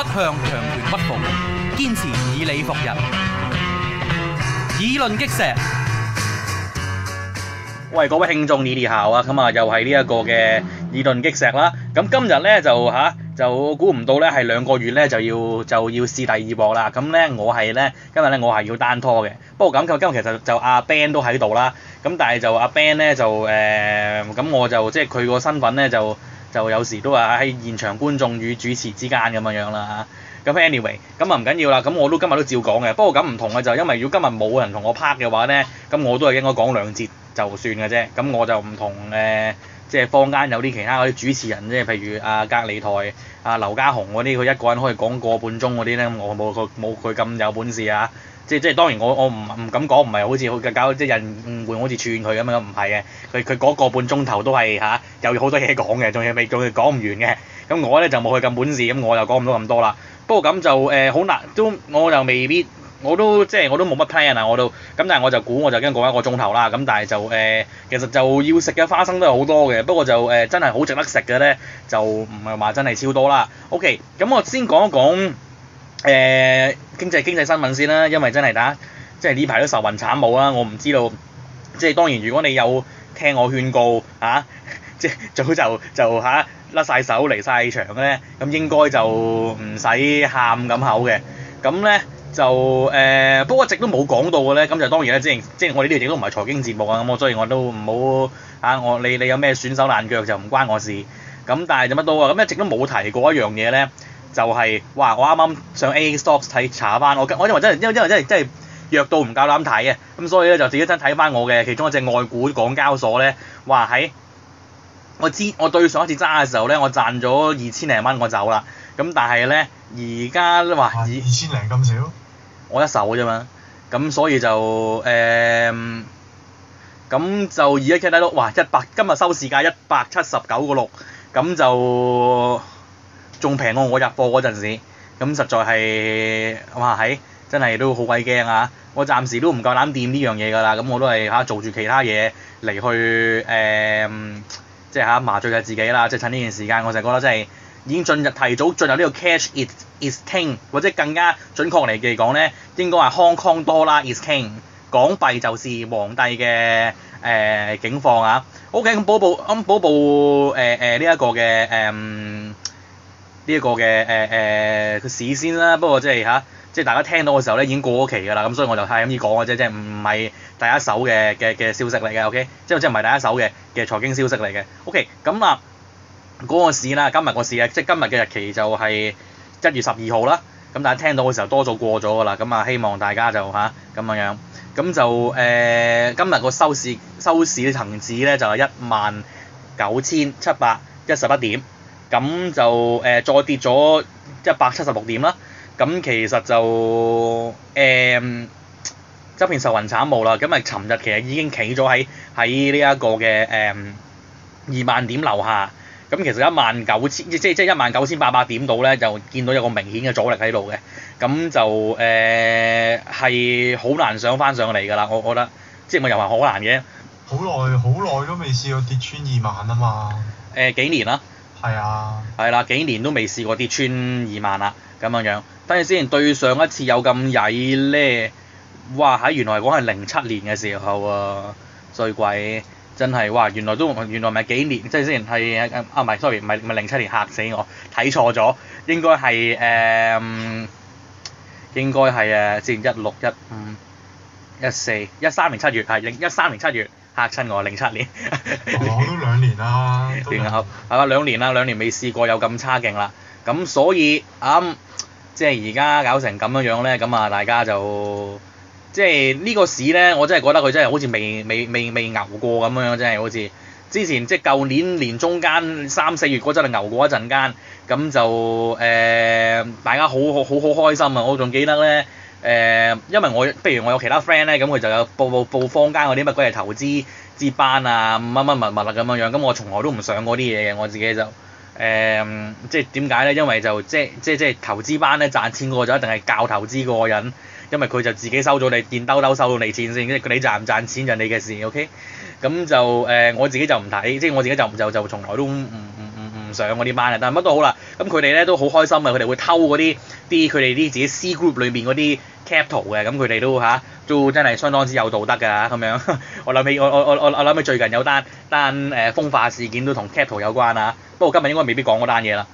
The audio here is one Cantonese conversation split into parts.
不向強權屈服，堅持以理服人。議論擊石。喂，各位聽眾，你哋好啊！咁啊，又係呢一個嘅議論擊石啦。咁今日咧就嚇、啊、就估唔到咧係兩個月咧就要就要試第二波啦。咁咧我係咧今日咧我係要單拖嘅。不過咁，今日其實就阿 Ben 都喺度啦。咁但係就阿 Ben 咧就誒咁、呃、我就即係佢個身份咧就。就有時都話喺現場觀眾與主持之間咁樣樣啦，咁 anyway，咁啊唔緊要啦，咁我都今日都照講嘅。不過咁唔同嘅就因為如果今日冇人同我 part 嘅話呢，咁我都係應該講兩節就算嘅啫。咁我就唔同誒、呃，即係坊間有啲其他嗰啲主持人即係，譬如啊隔離台、啊劉家雄嗰啲，佢一個人可以講個半鐘嗰啲呢。我冇佢冇佢咁有本事啊！即即當然我我唔唔敢講唔係好似好搞即人誤會好似串佢咁樣唔係嘅，佢佢嗰個半鐘頭都係嚇，有好多嘢講嘅，仲要未仲要講唔完嘅。咁我咧就冇佢咁本事，咁我就講唔到咁多啦。不過咁就誒好難，都我又未必，我都即我都冇乜 plan 啊，我都咁但係我就估我就已經講一個鐘頭啦。咁但係就誒，其實就要食嘅花生都係好多嘅，不過就誒真係好值得食嘅咧，就唔係話真係超多啦。OK，咁我先講一講。誒、呃、經濟經濟新聞先啦，因為真係打即係呢排都愁雲慘霧啦，我唔知道即係當然，如果你有聽我勸告嚇、啊，即係早就就嚇、啊、甩晒手離曬場咧，咁應該就唔使喊咁口嘅。咁咧就誒、呃，不過一直都冇講到嘅咧，咁就當然咧，即係即係我哋呢度亦都唔係財經節目啊，咁我所以、啊、我都唔好嚇我你你有咩損手爛腳就唔關我事。咁但係就乜都啊，咁、啊、一直都冇提過一樣嘢咧。就係、是、哇，我啱啱上 AAStocks 睇查翻，我我因為真係因為因為真係真係弱到唔夠膽睇嘅。咁所以咧就自己真睇翻我嘅其中一隻外股港交所咧，哇喺我知我對上一次揸嘅時候咧，我賺咗二千零蚊，我走啦。咁但係咧，而家哇二二千零咁少，我一手啫嘛。咁所以就誒，咁、呃、就而家睇睇到哇一百，100，今日收市價一百七十九個六，咁就，仲平過我入貨嗰陣時，咁實在係哇喺、哎、真係都好鬼驚啊！我暫時都唔夠膽掂呢樣嘢㗎啦，咁我都係嚇做住其他嘢嚟去誒、呃，即係嚇麻醉下自己啦。即係趁呢段時間，我就覺得真係已經進入提早進入呢個 cash is is king，或者更加準確嚟講咧，應該係 Hong Kong Dollar，is king 港幣就是皇帝嘅誒境況啊。OK，咁補部咁補部誒誒呢一個嘅誒。呃呢一個嘅誒誒市先啦，不過即係嚇，即係大家聽到嘅時候咧已經過咗期㗎啦，咁、嗯、所以我就係咁意講嘅啫，即係唔唔係第一手嘅嘅嘅消息嚟嘅，OK，即係即係唔係第一手嘅嘅財經消息嚟嘅，OK，咁嗱，嗰、那個市啦，今日個市咧，即係今日嘅日期就係一月十二號啦，咁、嗯、大家聽到嘅時候多數過咗㗎啦，咁啊、嗯、希望大家就吓咁樣樣，咁就誒、呃、今日個收市收市嘅恆指咧就係一萬九千七百一十一點。咁就誒、呃、再跌咗一百七十六點啦，咁其實就誒一片愁雲慘霧啦，咁啊尋日其實已經企咗喺喺呢一個嘅誒二萬點樓下，咁其實一萬九千即即一萬九千八百點度咧，就見到有個明顯嘅阻力喺度嘅，咁就誒係好難上返上嚟㗎啦，我覺得即係咪又係好難嘅？好耐好耐都未試過跌穿二萬啊嘛！誒、呃、幾年啦～係啊，係啦，幾年都未試過跌穿二萬啦，咁樣樣。但係之前，對上一次有咁曳咧，哇！喺原來講係零七年嘅時候啊，最貴，真係哇！原來都原來咪幾年，即係之前係啊，唔係，sorry，唔係唔係零七年，嚇死我，睇錯咗，應該係誒、呃，應該係誒，之前一六一五一四一三年七月係零一三年七月。嚇親我，零七年、 哦，講都兩年啦， 然後係嘛兩年啦，兩年未試過有咁差勁啦，咁所以咁、嗯、即係而家搞成咁樣樣咧，咁啊大家就即係呢個市咧，我真係覺得佢真係好似未未未未牛過咁樣樣，真係好似之前即係舊年年中間三四月嗰陣係牛過一陣間，咁就誒、呃、大家好好好好，好開心啊！我仲記得咧。誒、呃，因為我譬如我有其他 friend 咧，咁、嗯、佢就有報報報坊間嗰啲乜鬼嘢投資資班啊，乜乜物物啦咁樣樣，咁我從來都唔上嗰啲嘢嘅，我自己就誒、呃，即係點解咧？因為就即即即，即，即投資班咧賺錢過就一定係教投資嗰個人，因為佢就自己收咗你現兜，兜兜收到你錢先，即你賺唔賺錢你、okay? 就你嘅事，OK？咁就誒，我自己就唔睇，即係我自己就就就從來都唔唔唔唔上嗰啲班啊，但係乜都好啦，咁佢哋咧都好開心嘅，佢哋會偷嗰啲。啲佢哋啲自己 C group 裏邊嗰啲 capital 嘅，咁佢哋都嚇，都真係相當之有道德噶嚇咁樣。我諗起我我我我諗起最近有單單誒風化事件都同 capital 有關啊，不過今日應該未必講嗰單嘢啦。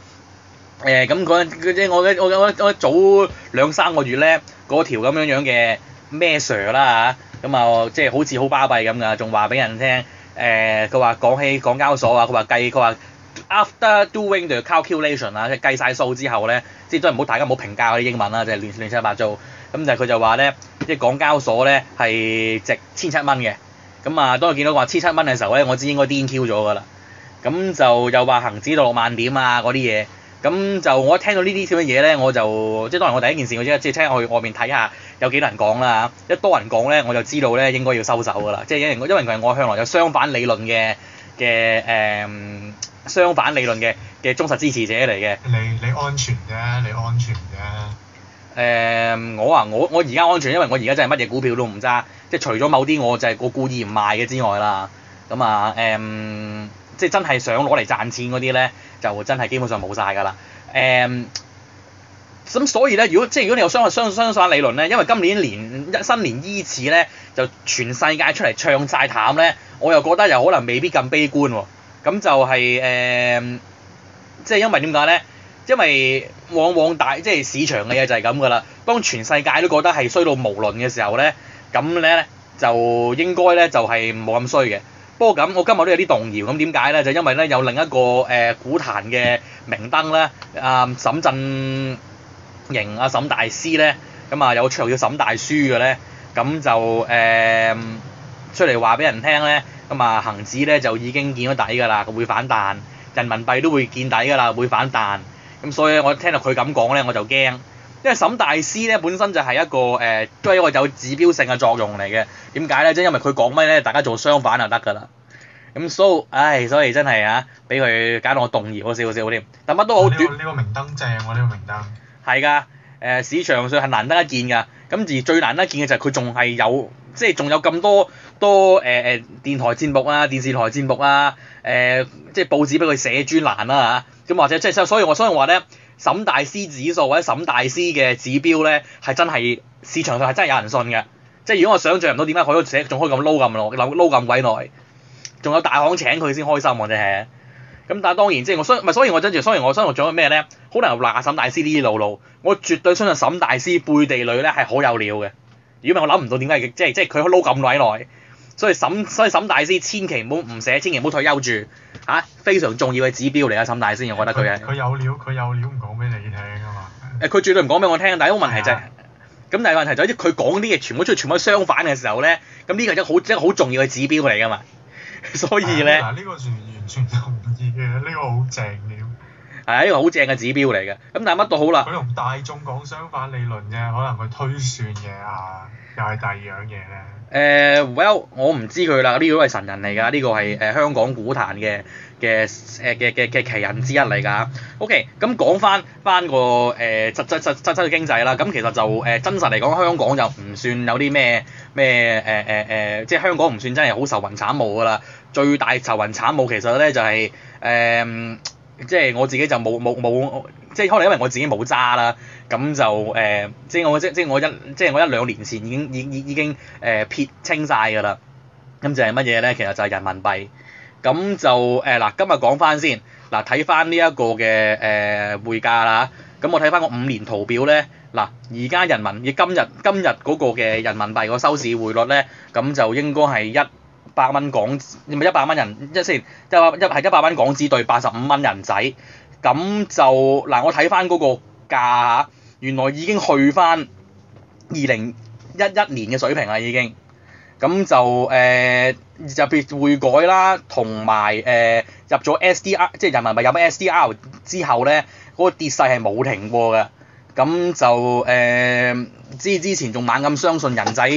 誒咁，嗰嗰即係我嘅我我我早兩三個月咧，嗰條咁樣樣嘅咩 Sir 啦嚇，咁啊即係好似好巴閉咁噶，仲話俾人聽誒，佢話講起港交所啊，佢話計佢話。After doing the calculation 啦，即係計晒數之後咧，即係都唔好大家唔好評價嗰啲英文啦，就係亂亂七八糟。咁就佢就話咧，即係港交所咧係值千七蚊嘅。咁啊，當我見到話千七蚊嘅時候咧，我知應該癲 Q 咗㗎啦。咁就又話恆指到六萬點啊嗰啲嘢。咁就我一聽到呢啲咁嘅嘢咧，我就即係當然我第一件事，我即即係聽我去外面睇下有幾多人講啦。一多人講咧，我就知道咧應該要收手㗎啦。即係因為佢係我向來有相反理論嘅嘅誒。相反理論嘅嘅忠實支持者嚟嘅，你你安全嘅，你安全嘅。誒、呃，我啊，我我而家安全，因為我而家真係乜嘢股票都唔揸，即係除咗某啲我就係、係、我故意唔賣嘅之外啦。咁啊，誒、呃，即係真係想攞嚟賺錢嗰啲咧，就真係基本上冇晒㗎啦。誒、呃，咁所以咧，如果即係如果你有相反相，相相反理論咧，因為今年年新年伊始咧，就全世界出嚟唱晒淡咧，我又覺得又可能未必咁悲觀喎。咁就係、是、誒、呃，即係因為點解咧？因為往往大即係市場嘅嘢就係咁噶啦。當全世界都覺得係衰到無論嘅時候咧，咁咧就應該咧就係冇咁衰嘅。不過咁我今日都有啲動搖。咁點解咧？就因為咧有另一個誒、呃、股壇嘅明燈咧，阿、啊、沈振盈阿、啊、沈大師咧，咁、嗯、啊有個叫沈大輸嘅咧，咁就誒、呃、出嚟話俾人聽咧。咁啊，恒指咧就已經見咗底㗎啦，佢會反彈；人民幣都會見底㗎啦，會反彈。咁所以我聽到佢咁講咧，我就驚。因為沈大師咧本身就係一個誒，都係一個有指標性嘅作用嚟嘅。點解咧？即係因為佢講咩咧，大家做相反就得㗎啦。咁所以，唉，所以真係啊，俾佢搞到我動搖，好少好少添。但乜都好短。呢個明燈正喎，呢個明燈。係㗎。誒市場上係難得一見㗎，咁而最難得一見嘅就係佢仲係有，即係仲有咁多多誒誒、呃、電台節目啊、電視台節目、呃、啊，誒即係報紙畀佢寫專欄啦嚇，咁或者即係所以我所以話咧，沈大師指數或者沈大師嘅指標咧，係真係市場上係真係有人信嘅。即係如果我想像唔到點解佢寫仲可以咁撈咁耐，撈撈咁鬼耐，仲有大行請佢先開心喎、啊，真、就、係、是。咁但係當然即係我生唔係，所以我想住，所以我生活咗咩咧？可能由阿沈大師呢啲路路，我絕對相信沈大師背地裡咧係好有料嘅。如果唔係我諗唔到點解即係即係佢撈咁鬼耐。所以沈所以沈大師千祈唔好唔寫，千祈唔好退休住吓、啊，非常重要嘅指標嚟啊！沈大師，我覺得佢係佢有料，佢有料唔講俾你聽㗎嘛。誒、啊，佢絕對唔講俾我聽。但係一個問題就係、是、咁，啊、但係問題就係、是、佢講啲嘢全，全部都全部係相反嘅時候咧，咁呢個係好真係好重要嘅指標嚟㗎嘛。所以咧，呢、啊、個全完全呢個好正嘅，係呢個好正嘅指標嚟嘅。咁但係乜都好啦，佢同大眾講相反理論嘅，可能佢推算嘢啊，又係第二樣嘢咧。誒，Well，、呃、我唔知佢啦，呢、這個都係神人嚟㗎，呢、這個係誒香港股壇嘅嘅誒嘅嘅嘅奇人之一嚟㗎。OK，咁講翻翻個誒實實實實質嘅經濟啦。咁其實就誒、呃、真實嚟講，香港就唔算有啲咩咩誒誒誒，即係香港唔算真係好愁雲慘霧㗎啦。最大愁雲慘霧其實咧就係、是、誒，即、呃、係、就是、我自己就冇冇冇，即係可能因為我自己冇揸啦，咁就誒、呃，即係我即即係我一即係我一，我一，我一兩年前已經已已已經誒撇、呃、清晒㗎啦，咁就係乜嘢咧？其實就係人民幣，咁就誒嗱、呃，今日講翻先，嗱睇翻呢一個嘅誒匯價啦，咁、呃、我睇翻個五年圖表咧，嗱而家人民，亦今日今日嗰個嘅人民幣個收市匯率咧，咁就應該係一。百蚊港元，唔係一百蚊人，即係先，百一係一百蚊港紙對八十五蚊人仔，咁就嗱我睇翻嗰個價，原來已經去翻二零一一年嘅水平啦已經，咁就誒、呃、就特別匯改啦，同埋誒入咗 SDR，即係人民幣入咗 SDR 之後咧，嗰、嗰個跌勢係冇停過嘅，咁就誒之、呃、之前仲猛咁相信人仔。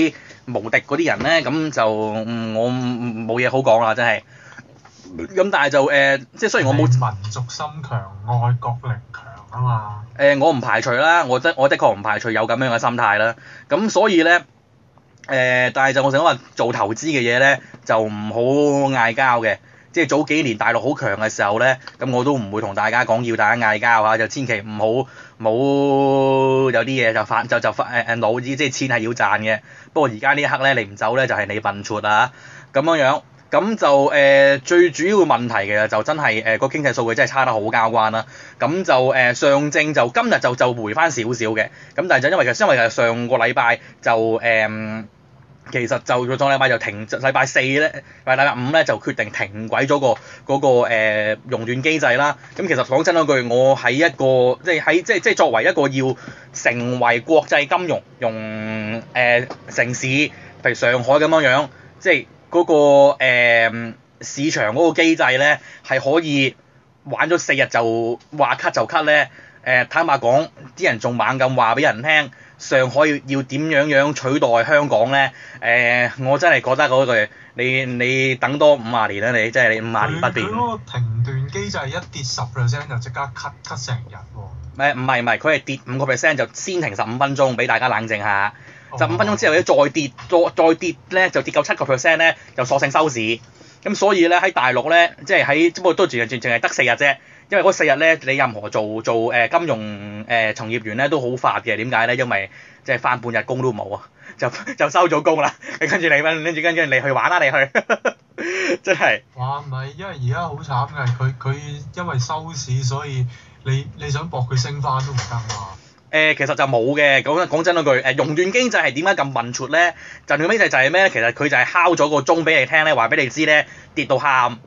無敵嗰啲人咧，咁就我冇嘢好講啦，真係。咁但係就誒，即、呃、係雖然我冇民族心強、愛國力強啊嘛。誒、呃，我唔排除啦，我真，我的確唔排除有咁樣嘅心態啦。咁所以咧，誒、呃，但係就我成日都話做投資嘅嘢咧，就唔好嗌交嘅。即係早幾年大陸好強嘅時候咧，咁我都唔會同大家講要大家嗌交啊。就千祈唔好冇，有啲嘢就發就就發誒誒老二，即係錢係要賺嘅。不過而家呢一刻咧，你唔走咧就係你笨拙啊！咁樣樣，咁就誒、呃、最主要問題嘅就真係誒個經濟數據真係差得好交關啦。咁就誒、呃、上證就今日就就回翻少少嘅，咁但係就因為其實因為上個禮拜就誒。呃其實就再上禮拜就停，就禮拜四咧，禮拜五咧就決定停鬼咗、那個嗰、那個誒熔斷機制啦。咁其實講真句，我喺一個即係喺即係即係作為一個要成為國際金融融誒、呃、城市，譬如上海咁樣樣，即係嗰、那個、呃、市場嗰個機制咧，係可以玩咗四日就話 cut 就 cut 咧。誒、呃、坦白講，啲人仲猛咁話俾人聽。上海要要點樣樣取代香港咧？誒、呃，我真係覺得嗰句，你你等多五十年啦，你即係你五十年不變。停斷機制就係一跌十 percent 就即刻 cut cut 成日喎。誒唔係唔係，佢係、啊、跌五個 percent 就先停十五分鐘，俾大家冷靜下。十五、oh, 分鐘之後，如果再跌再再跌咧，就跌夠七個 percent 咧，就索性收市。咁所以咧喺大陸咧，即係喺，不過都淨係淨係得四日啫。因為嗰四日咧，你任何做做誒金融誒、呃、從業員咧都好發嘅，點解咧？因為即係翻半日工都冇啊， 就就收咗工啦。跟你跟住你跟住跟住你去玩啦、啊，你去， 真係是。話唔係，因為而家好慘嘅，佢佢因為收市，所以你你想博佢升翻都唔得啊。誒、欸，其實就冇嘅。講講真句，誒、呃，熔斷經濟係點解咁混濁咧？就咁樣就係、是、咩、就是、其實佢就係敲咗個鐘俾你聽咧，話俾你知咧，跌到喊。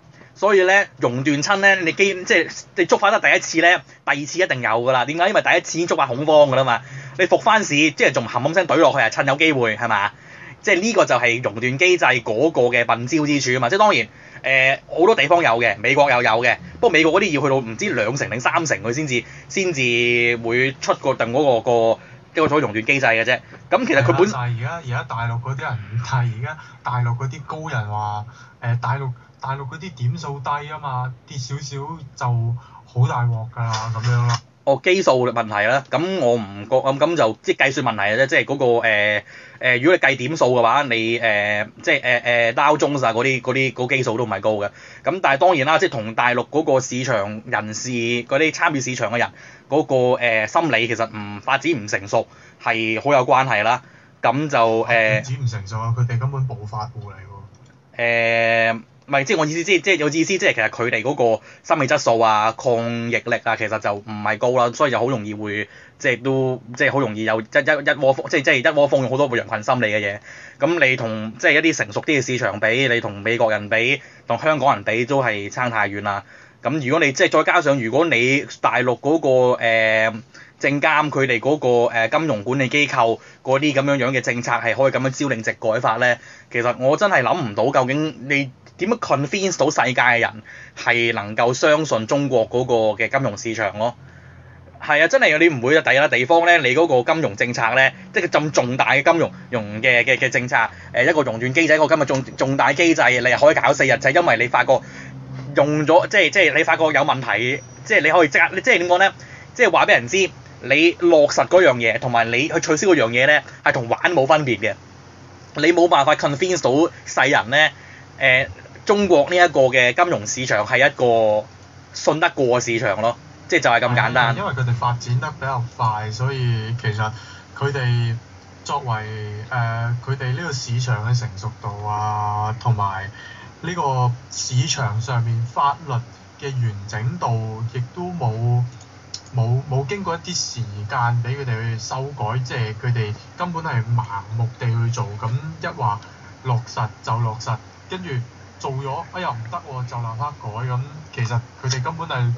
所以咧熔斷親咧，你基即係你捉翻得第一次咧，第二次一定有㗎啦。點解？因為第一次已經捉翻恐慌㗎啦嘛。你復翻市，即係仲冚冚聲懟落去啊！趁有機會係嘛？即係呢個就係熔斷機制嗰個嘅笨招之處啊嘛。即係當然誒，好、呃、多地方有嘅，美國又有嘅。不過美國嗰啲要去到唔知兩成定三成佢先至先至會出個定嗰、嗰個、嗰個、嗰個、一個所謂熔斷機制嘅啫。咁其實佢本但係而家而家大陸嗰啲人，唔係而家大陸嗰啲高人話誒、呃、大陸。大陸嗰啲點數低啊嘛，跌少少就好大鑊㗎啦咁樣啦。哦，基數問題啦，咁我唔覺咁，咁就即係計算問題啫，即係嗰、嗰個誒、呃、如果你計點數嘅話，你誒、呃、即係誒誒，中啊嗰啲嗰啲嗰基數都唔係高嘅。咁但係當然啦，即係同大陸嗰個市場人士嗰啲參與市場嘅人嗰、嗰個、呃、心理其實唔發展唔成熟係好有關係啦。咁就誒。發唔、哦呃、成熟啊！佢哋根本暴發戶嚟喎。唔係，即係我意思，即係即係有意思，即係其實佢哋嗰個心理質素啊、抗逆力啊，其實就唔係高啦，所以就好容易會即係都即係好容易有一一一窩蜂，即係即係一窩蜂用好多個人群心理嘅嘢。咁、嗯、你同即係一啲成熟啲嘅市場比，你同美國人比，同香港人比，都係差太遠啦。咁、嗯、如果你即係再加上，如果你大陸嗰、那個誒、呃、證監佢哋嗰個、呃那個呃、金融管理機構嗰啲咁樣樣嘅政策係可以咁樣朝令夕改法咧，其實我真係諗唔到究竟你。你點樣 convince 到世界嘅人係能夠相信中國嗰個嘅金融市場咯？係啊，真係有你唔會喺第一個地方咧，你嗰個金融政策咧，即係咁重大嘅金融融嘅嘅嘅政策，誒、呃、一個熔斷機制，一個金融重重大機制，你係可以搞四日就係、是、因為你發覺用咗，即係即係你發覺有問題，即係你可以即即係點講咧？即係話俾人知你落實嗰樣嘢，同埋你去取消嗰樣嘢咧，係同玩冇分別嘅。你冇辦法 convince 到世人咧，誒、呃？中國呢一個嘅金融市場係一個信得過嘅市場咯，即係就係咁簡單。因為佢哋發展得比較快，所以其實佢哋作為誒佢哋呢個市場嘅成熟度啊，同埋呢個市場上面法律嘅完整度，亦都冇冇冇經過一啲時間俾佢哋去修改，即係佢哋根本係盲目地去做，咁一話落實就落實，跟住，做咗哎又唔得喎，就立刻改咁。其實佢哋根本係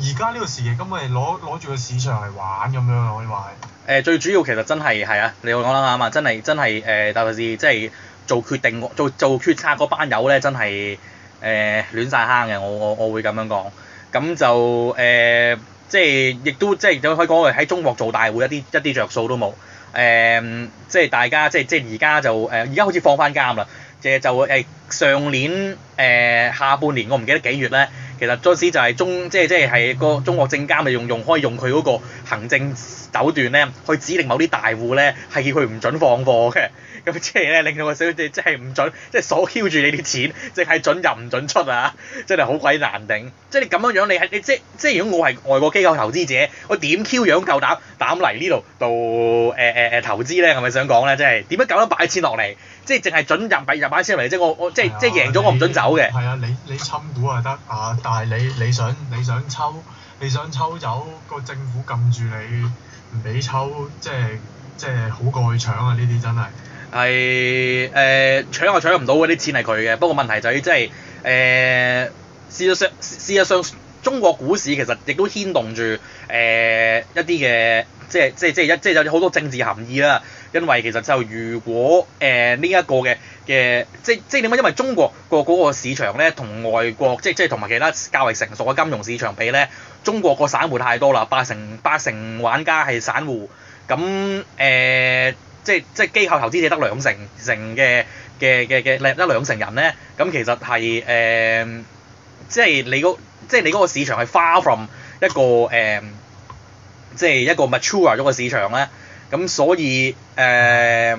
而家呢個時期，根本係攞攞住個市場嚟玩咁樣，可以話係。誒、呃、最主要其實真係係啊，你會講得啱啊，真係真係誒、呃、特別是即係、就是、做決定做做決策嗰班友咧，真係誒亂晒坑嘅。我我我會咁樣講。咁就誒、呃、即係亦都即係都可以講係喺中國做大會一啲一啲着數都冇。誒、呃、即係大家即係即係而家就誒而家好似放翻監啦。即係就誒上年誒、呃、下半年我唔記得幾月咧，其實實嗰陣時就係中即係即係係個中國證監咪用用可以用佢嗰個行政手段咧，去指令某啲大戶咧，係叫佢唔准放貨嘅。即係咧，令到個小姐即係唔準，即係鎖 Q 住你啲錢，淨係準入唔準出啊！真係好鬼難頂。即係你咁樣樣，你係你即即係如果我係外國機構投資者，我點 Q 樣夠膽膽嚟呢度度誒誒誒投資咧？係咪想講咧？即係點樣夠膽擺錢落嚟？即係淨係準入擺入擺錢落嚟啫。我我即即贏咗我唔準走嘅。係啊，你你侵股啊得啊，但係你你想你想抽你想抽走個政府撳住你唔俾抽，即係即係好過去搶啊！呢啲真係～係誒、呃、搶又搶唔到嗰啲錢係佢嘅，不過問題就係即係誒事實上事實上中國股市其實亦都牽動住誒、呃、一啲嘅即係即係即係一即係有好多政治含義啦。因為其實就如果誒呢、呃、一個嘅嘅即係即係點解？因為中國個嗰個市場咧，同外國即係即係同埋其他較為成熟嘅金融市場比咧，中國個散戶太多啦，八成八成玩家係散戶，咁誒。呃即係，即係機構投資者得兩成成嘅嘅嘅嘅，得兩成人咧，咁其實係誒、呃，即係你個，即係你嗰個市場係 far from 一個誒、呃，即係一個 mature 咗個市場咧，咁所以誒。呃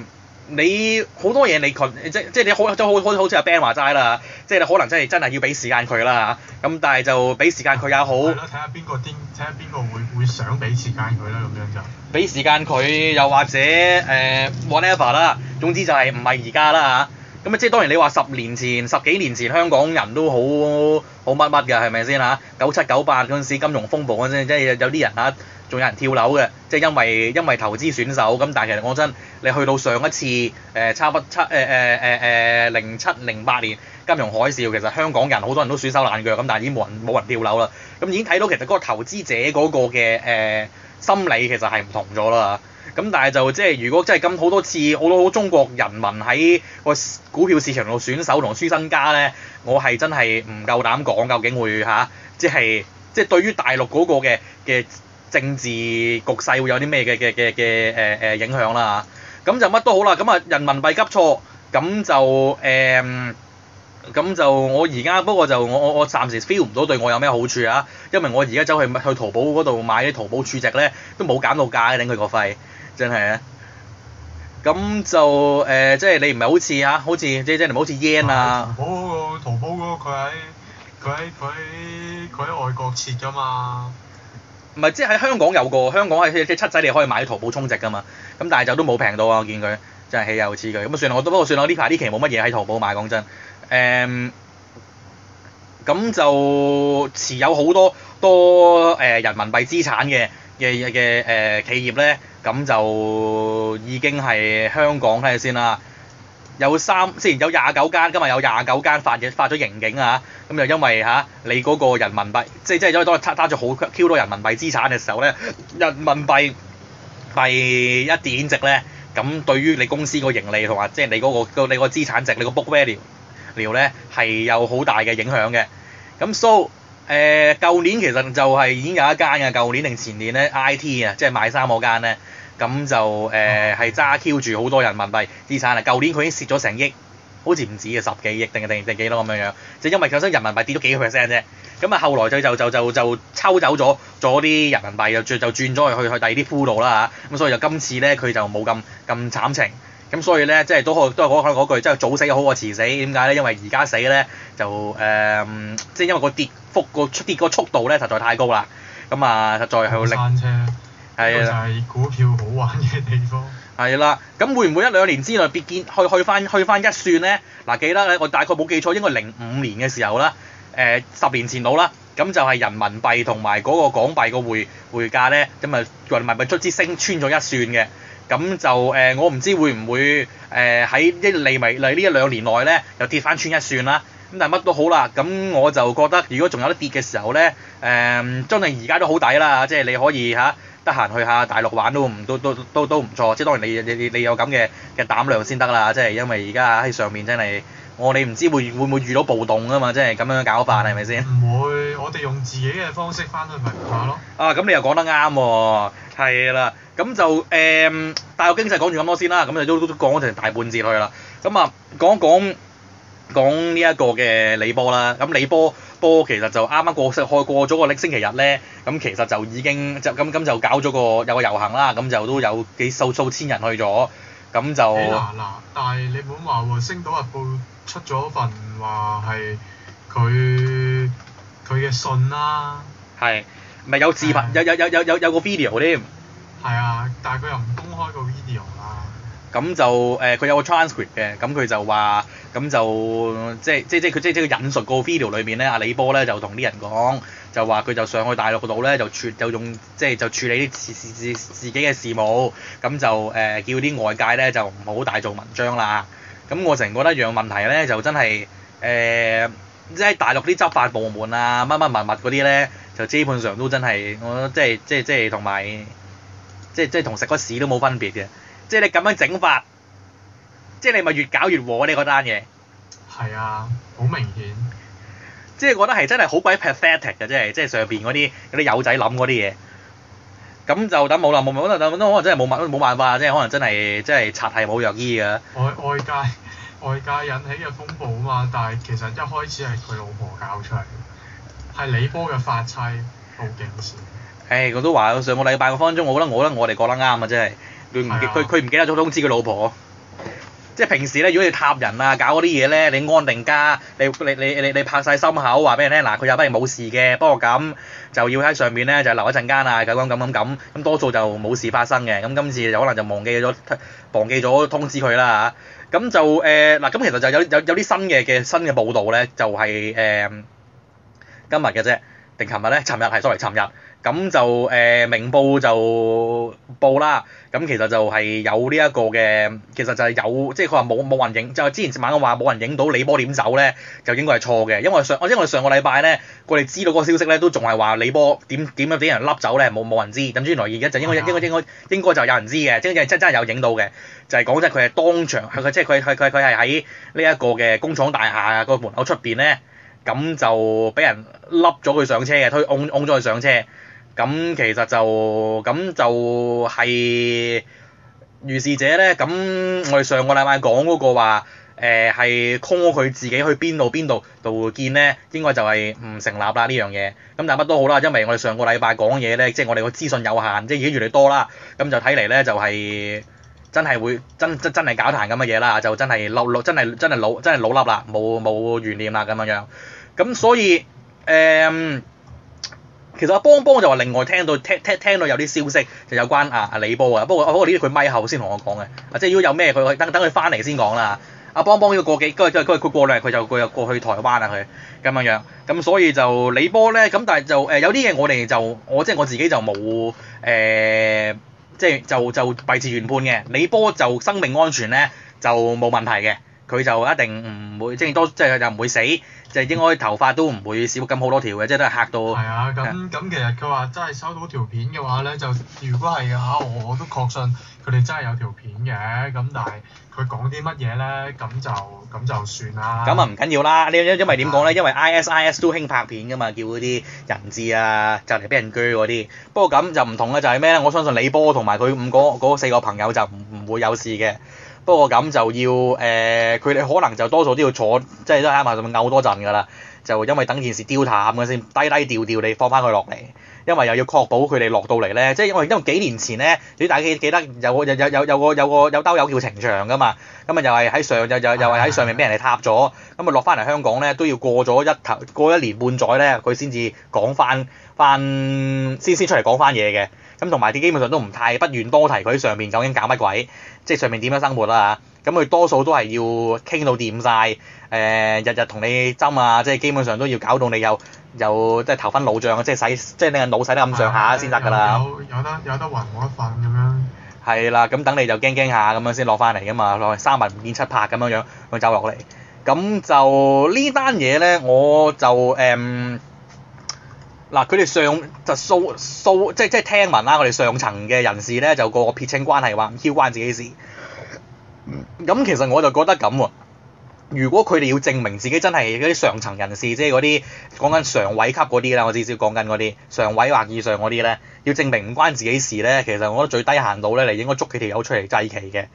你，你，你好多嘢你佢即即你好好似阿 Ben 話齋啦，即你可能真係真係要俾時間佢啦，咁，但係就俾時間佢也好，睇下邊個睇下邊個會會想俾時間佢啦，咁樣就俾時間佢又或者誒、呃、whatever 啦，總之就係唔係而家啦。咁即即當然你話十年前十幾年前香港人都好好乜乜㗎係咪先嚇？九七九八嗰陣時金融風暴嗰陣真係有啲人嚇。仲有人跳樓嘅，即係因為因為投資損手咁。但係其實我真，你去到上一次誒、呃、差不多誒誒誒誒零七零八年金融海嘯，其實香港人好多人都損手爛腳咁，但係已經冇人冇人跳樓啦。咁已經睇到其實嗰個投資者嗰個嘅誒、呃、心理其實係唔同咗啦。咁但係就即係如果即係咁好多次，我好中國人民喺個股票市場度損手同輸身家咧，我係真係唔夠膽講究竟會吓、啊？即係即係對於大陸嗰個嘅嘅。政治局勢會有啲咩嘅嘅嘅嘅誒誒影響啦嚇，咁就乜都好啦，咁啊人民幣急挫，咁就誒，咁、呃、就我而家不過就我我我暫時 feel 唔到對我有咩好處啊，因為我而家走去去淘寶嗰度買啲淘寶儲值咧，都冇減到價嘅頂佢個肺，真係、呃就是就是、啊！咁就誒，即係你唔係好似嚇，好似即係即係唔好似 yen 啊？冇冇，淘寶嗰個佢喺佢喺佢喺佢喺外國設㗎嘛。唔係，即係喺香港有個，香港喺七仔你可以買淘寶充值噶嘛，咁但係就都冇平到啊！我見佢真係豈有此理。咁啊算啦，我都不過算啦，呢排呢期冇乜嘢喺淘寶買，講真，誒、嗯，咁就持有好多多誒、呃、人民幣資產嘅嘅嘅誒企業咧，咁就已經係香港睇下先啦。有三，之前有廿九間，今日有廿九間發嘅發咗盈警啊，咁又因為嚇、啊、你嗰個人民幣，即係即係當你揸咗好 Q 多人民幣資產嘅時候咧，人民幣幣一貶值咧，咁對於你公司個盈利同埋即係你嗰個你嗰個資產值，你個 book value 咧係有好大嘅影響嘅。咁 so 誒、呃，舊年其實就係已經有一間嘅，舊年定前年咧 IT 啊，即係賣衫嗰間咧。咁就誒係揸 Q 住好多人民幣資產啦，舊年佢已經蝕咗成億，好似唔止嘅，十幾億定定定幾多咁樣樣，即係因為本身人民幣跌咗幾個 percent 啫，咁啊後來就就就就就抽走咗咗啲人民幣，又轉就轉咗入去第二啲鋪度啦嚇，咁、啊、所以就今次咧佢就冇咁咁慘情，咁所以咧即係都可都係嗰句，即係早死好過遲死，點解咧？因為而家死咧就誒，即、呃、係、就是、因為個跌幅個跌個速度咧實在太高啦，咁啊實在係好力。係啊！就係股票好玩嘅地方。係啦，咁會唔會一兩年之內別見去去翻去翻一算咧？嗱、啊，記得咧，我大概冇記錯，應該零五年嘅時候啦，誒、呃、十年前到啦，咁就係人民幣同埋嗰個港幣個匯匯價咧，咁啊，人民幣卒之升穿咗一算嘅，咁就誒、呃，我唔知會唔會誒喺啲利咪嚟呢一兩年內咧又跌翻穿一算啦。咁但係乜都好啦，咁我就覺得如果仲有得跌嘅時候咧，誒、呃，真係而家都好抵啦，即係你可以嚇。啊得閒去下大陸玩都唔都都都都唔錯，即係當然你你你你有咁嘅嘅膽量先得啦，即係因為而家喺上面真係我你唔知會會唔會遇到暴動啊嘛，即係咁樣搞法係咪先？唔會，我哋用自己嘅方式翻去文化咯。啊，咁你又講得啱喎，係啦，咁就誒大陸經濟講住咁多先啦，咁就都都講咗成大半節去啦，咁啊講講。講呢一個嘅李波啦，咁李波波其實就啱啱過過過咗個星期日咧，咁其實就已經就咁咁就，就，就搞咗個有個遊行啦，咁就都有幾數數千人去咗，咁就。嗱、欸啊啊、但係你唔好話《星島日報》出咗份話係佢佢嘅信啦。係，咪有自拍，係有有有有有有個 video 添。係啊，但係佢又唔公開個 video 啦。咁就誒，佢、呃、有個 transcript 嘅，咁佢就話，咁就即係即係即係佢即係即係引述個 video 裏面咧，阿李波咧就同啲人講，就話佢就上去大陸嗰度咧就處就用即係、即係、就處理啲自自自己嘅事務，咁就誒叫啲外界咧就唔好大做文章啦。咁我成覺得一樣問題咧就真係誒，即、呃、係、即係、大陸啲執法部門啊乜乜物物嗰啲咧，就基本上都真係我即係即係即係同埋即係即係同食個屎都冇分別嘅。即係你咁樣整法，即係你咪越搞越和呢個單嘢。係啊，好明顯。即係我覺得係真係好鬼 pathetic 嘅，即係即係上邊嗰啲嗰啲友仔諗嗰啲嘢。咁就等冇啦冇冇，等可能真係冇冇辦法，即係可能真係即係拆係冇藥醫嘅。外外界外界引起嘅風暴啊嘛，但係其實一開始係佢老婆搞出嚟，係李波嘅發妻報警事。誒、哎，我都話上個禮拜個分鐘，我覺得我覺得我哋覺得啱啊！真係。佢唔記，佢佢唔記得咗通知佢老婆。即係平時咧，如果你撻人啊，搞嗰啲嘢咧，你安定家，你你你你你拍晒心口話俾人聽，嗱佢又不如冇事嘅，不過咁就要喺上面咧就留一陣間啊，咁咁咁咁咁，多數就冇事發生嘅，咁今次就可能就忘記咗，忘記咗通知佢啦嚇。咁就誒嗱，咁、呃、其實就有有有啲新嘅嘅新嘅報道咧，就係、是、誒、呃、今日嘅啫，定琴日咧？尋日係 sorry 尋日。咁就誒、呃、明報就報啦，咁其實就係有呢一個嘅，其實就係有，即係佢話冇冇人影，就係、之前晚咁話冇人影到李波點走咧，就應該係錯嘅，因為上，我因為上個禮拜咧，佢哋知道嗰個消息咧，都仲係話李波點點樣俾人笠走咧，冇冇人知，咁原來而家就應該、哎、呀應該應該應該就有人知嘅，即係真真係有影到嘅，就係講真佢係當場，佢即係佢佢佢係喺呢一個嘅工廠大廈個門口出邊咧，咁就俾人笠咗佢上車嘅，推擁咗佢上車。咁其實就咁就係如是者咧，咁我哋上個禮拜講嗰個話，誒係 call 佢自己去邊度邊度度見咧，應該就係唔成立啦呢樣嘢。咁但係乜都好啦，因為我哋上個禮拜講嘢咧，即係我哋個資訊有限，即係已經越嚟越多啦。咁就睇嚟咧，就係真係會真真真係搞壇咁嘅嘢啦，就真係老真係真係老真係老笠啦，冇冇懸念啦咁樣樣。咁所以誒。呃其實阿邦邦就話另外聽到聽聽聽到有啲消息，就有關阿、啊、阿李波啊，不過不過呢啲佢咪後先同我講嘅，即係如果有咩佢等等佢翻嚟先講啦。阿邦邦要過幾，佢佢佢佢過兩日佢就佢就過去台灣啊佢咁樣，咁所以就李波咧咁，但係就誒、呃、有啲嘢我哋就我即係我自己就冇誒、呃，即係就就維持原判嘅。李波就生命安全咧就冇問題嘅。佢就一定唔會，即係多，即係佢就唔會死，就應該頭髮都唔會少咁好多條嘅，即係都係嚇到。係啊，咁咁、啊、其實佢話真係收到條片嘅話咧，就如果係嚇，我都確信佢哋真係有條片嘅。咁但係佢講啲乜嘢咧？咁就咁就算就啦。咁啊唔緊要啦，呢因因為點講咧？因為 I S I、啊、S IS IS 都興拍片㗎嘛，叫嗰啲人質啊，就嚟俾人拘嗰啲。不過咁就唔同啦，就係咩咧？我相信李波同埋佢五嗰四個朋友就唔唔會有事嘅。不過咁就要誒，佢哋可能就多數都要坐，即係都喺埋上面拗多陣㗎啦。就因為等件事丟淡嘅先，低低調調你放翻佢落嚟，因為又要確保佢哋落到嚟咧。即係因為因為幾年前咧，你大家記得有個有有有個有個有兜友叫程翔㗎嘛。咁啊又係喺上又又又係喺上面俾人哋塌咗，咁啊落翻嚟香港咧都要過咗一頭過一年半載咧，佢先至講翻翻先先出嚟講翻嘢嘅。咁同埋啲基本上都唔太不願多提，佢上面究竟搞乜鬼，即係上面點樣生活啦，咁佢多數都係要傾到掂晒，誒、呃、日日同你針啊，即係基本上都要搞到你又又即係頭昏腦脹即係使即係你個腦使得咁上下先得㗎啦。有有，有得有得混碗飯咁樣。係啦、啊，咁等你就驚驚下咁樣先落翻嚟㗎嘛，落嚟三文唔見七拍咁樣樣，佢就走落嚟。咁就呢單嘢咧，我就誒。嗯嗱，佢哋上就掃掃，即係即係聽聞啦，我哋上層嘅人士咧就個個撇清關係，話唔 Q 關自己事。咁其實我就覺得咁喎，如果佢哋要證明自己真係嗰啲上層人士，即係嗰啲講緊常委級嗰啲啦，我至少講緊嗰啲常委或以上嗰啲咧，要證明唔關自己事咧，其實我覺得最低限度咧你應該捉佢條友出嚟祭旗嘅。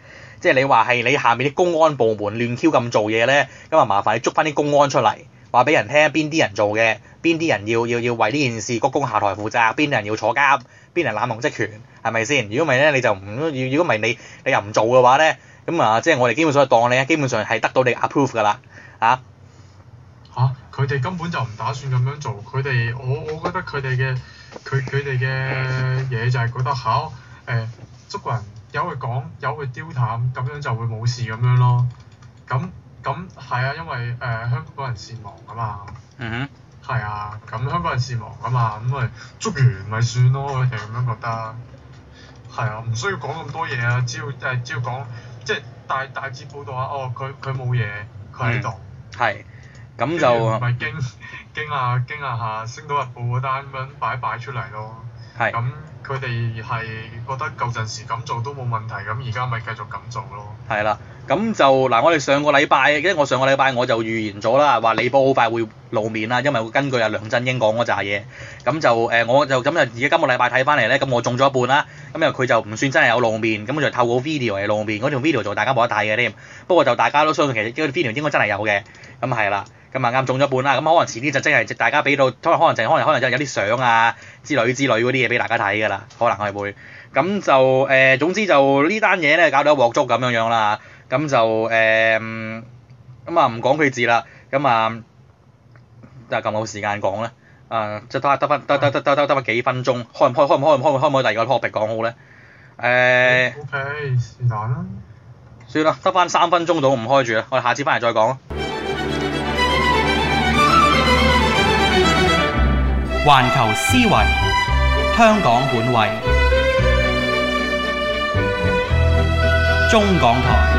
即係你話係你下面啲公安部門亂 Q 咁做嘢咧，咁啊麻煩你捉翻啲公安出嚟。話俾人聽邊啲人做嘅，邊啲人要要要為呢件事鞠躬下台負責，邊啲人要坐監，邊人濫用職權，係咪先？如果唔係咧，你就唔，如果唔係你，你又唔做嘅話咧，咁啊、呃，即係我哋基本上係當你，基本上係得到你 approve 㗎啦，嚇、啊？嚇、啊！佢哋根本就唔打算咁樣做，佢哋我我覺得佢哋嘅佢佢哋嘅嘢就係覺得嚇誒、啊欸，中國人有去講，有去刁談，咁樣就會冇事咁樣咯，咁。咁係啊，因為誒、呃、香港人善忘噶嘛，係、嗯、哼啊，咁、嗯、香港人善忘噶嘛，咁、嗯、咪捉完咪算咯，我哋咁樣覺得。係啊，唔需要講咁多嘢啊，只要誒只要講，即係大大致報導、哦嗯、下，哦佢佢冇嘢，佢喺度。係。咁就咪係驚下驚下下《星島日報》嗰單咁樣擺一擺出嚟咯。係是。嗯佢哋係覺得舊陣時咁做都冇問題，咁而家咪繼續咁做咯。係啦，咁就嗱，我哋上個禮拜，因為我上個禮拜我就預言咗啦，話李波好快會露面啦，因為會根據阿梁振英講嗰扎嘢。咁就誒、呃，我就咁就而家今個禮拜睇翻嚟咧，咁我中咗一半啦。咁又佢就唔算真係有露面，咁就透過 video 嚟露面，嗰條 video 就大家冇得睇嘅添。不過就大家都相信其實呢條 video 應該真係有嘅，咁係啦。咁啊，啱中咗半啦，咁可能遲啲就真係，即大家俾到，可能可能淨可能可能真係有啲相啊之類之類嗰啲嘢俾大家睇㗎啦，可能係會。咁就誒，總之就呢單嘢咧搞到一鑊粥咁樣樣啦嚇。咁就誒，咁啊唔講佢字啦。咁啊，得咁冇時間講咧。啊，即得得翻得得得得得翻幾分鐘，開唔開開唔開唔開唔開唔可以第二個 topic 講好咧。誒。O K，是但啦。算啦，得翻三分鐘到，唔開住啦，我哋下次翻嚟再講咯。環球思維，香港本位，中港台。